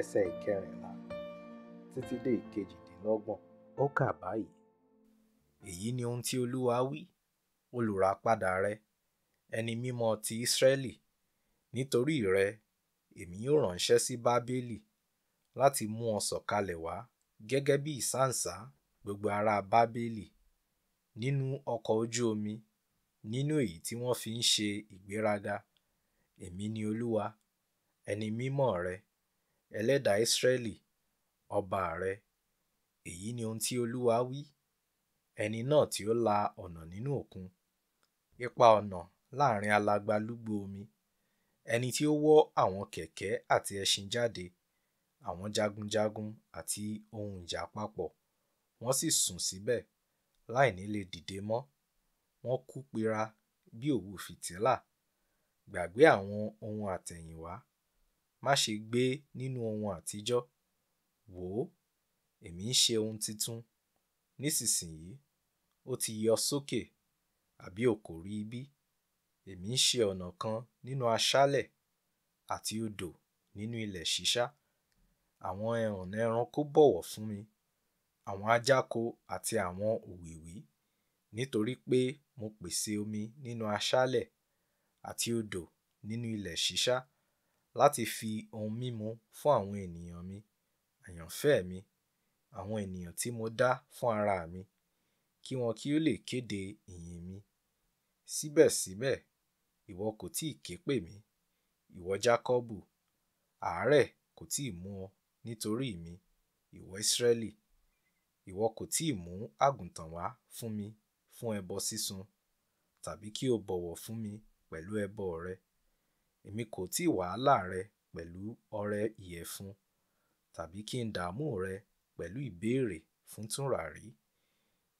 ẹsẹ̀ ìkẹrìnlá títí dé ìkejìdínlọ́gbọ̀n ó kà báyìí. èyí ni ohun tí olúwa wí olùràpadà rẹ ẹni mímọ́ ti ísírẹ́lì nítorí rẹ èmi yóò ránṣẹ́ sí bábélì láti mú ọ sọ̀kalẹ̀ wá gẹ́gẹ́ bí ìsáǹsá gbogbo ará bábélì nínú ọkọ̀ ojú omi nínú èyí tí wọ́n fi ń ṣe ìgbéraga èmi ni olúwa ẹni mímọ́ rẹ ẹlẹ́dàá israẹli ọba rẹ èyí ni ohun tí olúwa wí ẹni náà tí ó la ọ̀nà nínú òkun ipa ọ̀nà láàrin alagbalúgbú omi ẹni tí ó wọ́ àwọn kẹ̀kẹ́ àti ẹṣin jáde àwọn jagunjagun àti ohun ìjà papọ̀ wọ́n sì sùn síbẹ̀ láìní lè dìde mọ́ wọ́n kú pira bí òwú fìtílà gbàgbé àwọn ohun àtẹ̀yìnwá má ṣe gbé nínú ohun àtijọ́. Wò ó, èmi ń ṣe ohun titun. Nísinsìnyí, ó ti yọ sókè, àbí o kò rí bí? Èmi ń ṣe ọ̀nà kan nínú aṣálẹ̀ àti odò nínú ilẹ̀ ṣíṣá. Àwọn ọ̀nà ẹranko bọ̀wọ̀ fún mi, àwọn ajáko àti àwọn òwìwí, nítorí pé mo pèsè omi nínú aṣálẹ̀ àti odò nínú ilẹ̀ ṣíṣá láti fi ohun mímu fún àwọn ènìyàn mi, àyànfẹ́ mi, àwọn ènìyàn tí mo dá fún ara mi, kí wọn kí ó lè kéde ìyìn mi. Síbẹ̀síbẹ̀, ìwọ kò tíì ké pè mí, ìwọ Jakọbu, àárẹ̀ kò tíì mú ọ nítorí mi, ìwọ Israẹli. Ìwọ kò tíì mú àgùntàn wá fún mi fún ẹbọ sísun, tàbí kí o bọ̀wọ̀ fún mi pẹ̀lú ẹbọ rẹ èmi kò tí wàhálà rẹ pẹ̀lú ọrẹ ìyẹ̀fun tàbí kí n dààmú rẹ pẹ̀lú ìbéèrè fún tùràrí.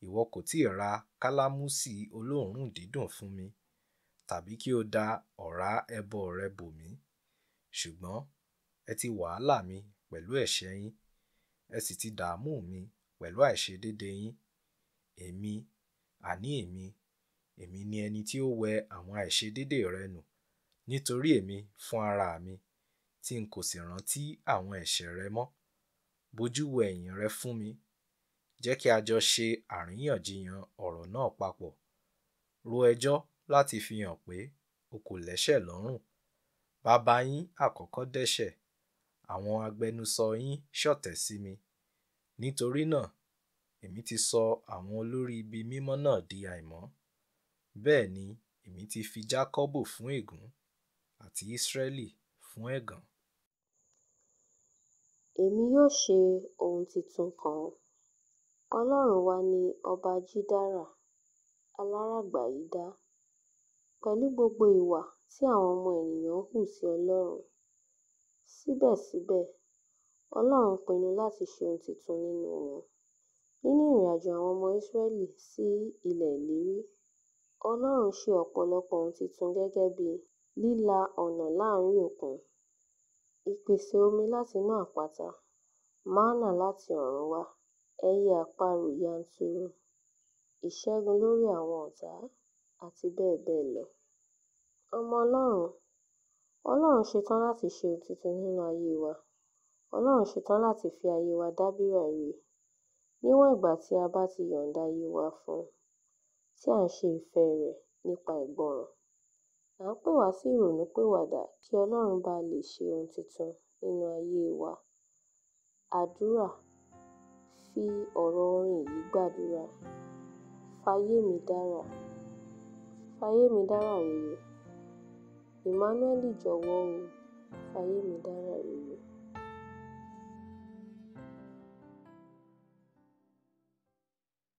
Ìwọ kò tí ra kálámùsì olóòórùn dídùn fún mi tàbí kí o da ọ̀rá ẹbọ rẹ bò mí. Ṣùgbọ́n ẹ ti wàhálà mi pẹ̀lú ẹ̀ṣẹ̀ yín, ẹ sì ti dààmú mi pẹ̀lú àìṣedéédé yín. Èmi, àní èmi, èmi ni ẹni tí ó wẹ àwọn àìṣedéédé rẹ nù nítorí èmi fún ara mi tí n kò sì rántí àwọn ẹ̀ṣẹ̀ rẹ mọ́ bójú wo ẹ̀yìn rẹ fún mi jẹ́ kí a jọ ṣe àríyànjiyàn ọ̀rọ̀ náà papọ̀ ro ẹjọ́ láti fi hàn pé o kò lẹ́ṣẹ̀ lọ́rùn bàbá yín àkọ́kọ́ dẹ́ṣẹ̀ àwọn agbẹnusọ yín ṣọ̀tẹ̀ sí mi nítorí náà èmi ti sọ àwọn olórí ibi mímọ́ náà di àìmọ́ bẹ́ẹ̀ ni èmi ti fi Jákọ́bù fún ègún àti Israẹli fún ẹ̀gàn. Èmi yóò ṣe ohun titun kan. Ọlọ́run wa ni Ọba Jídárà, alárààgbàyídá. Pẹ̀lú gbogbo ìwà tí àwọn ọmọ ènìyàn hù sí Ọlọ́run, síbẹ̀síbẹ̀ Ọlọ́run pinnu láti ṣe ohun titun nínú wọn. Nínú ìrìnàjò àwọn ọmọ Israẹli sí Ilẹ̀ Ìlérí, Ọlọ́run ṣe ọ̀pọ̀lọpọ̀ ohun titun gẹ́gẹ́ bí: líla ọ̀nà láàárín òkun, ìpèsè omi látinú àpáta, máánà láti ọ̀run wá, ẹyẹ àparò yanturu, ìṣẹ́gun lórí àwọn ọ̀tá àti bẹ́ẹ̀ bẹ́ẹ̀ lọ. Ọmọ Ọlọ́run, Ọlọ́run ṣetán láti ṣe ohun tuntun nínú ayé wa. Ọlọ́run ṣetán láti fi ayé wa dá bírà rere níwọ̀n ìgbà tí a bá ti yọ̀ǹda ayé wa fún un, tí à ń ṣe ìfẹ́ Rẹ̀ nípa ìgbọràn. À ń pè wá sí ìrònúpìwàdà kí Ọlọ́run ba lè ṣe ohun tuntun nínú ayé wa. Àdúrà Fi ọ̀rọ̀ orin yìí gbàdúrà: F'ayé mi dára, f'ayé mi dára rere, Emmanuel jọ̀wọ́ o, f'ayé mi dára rere.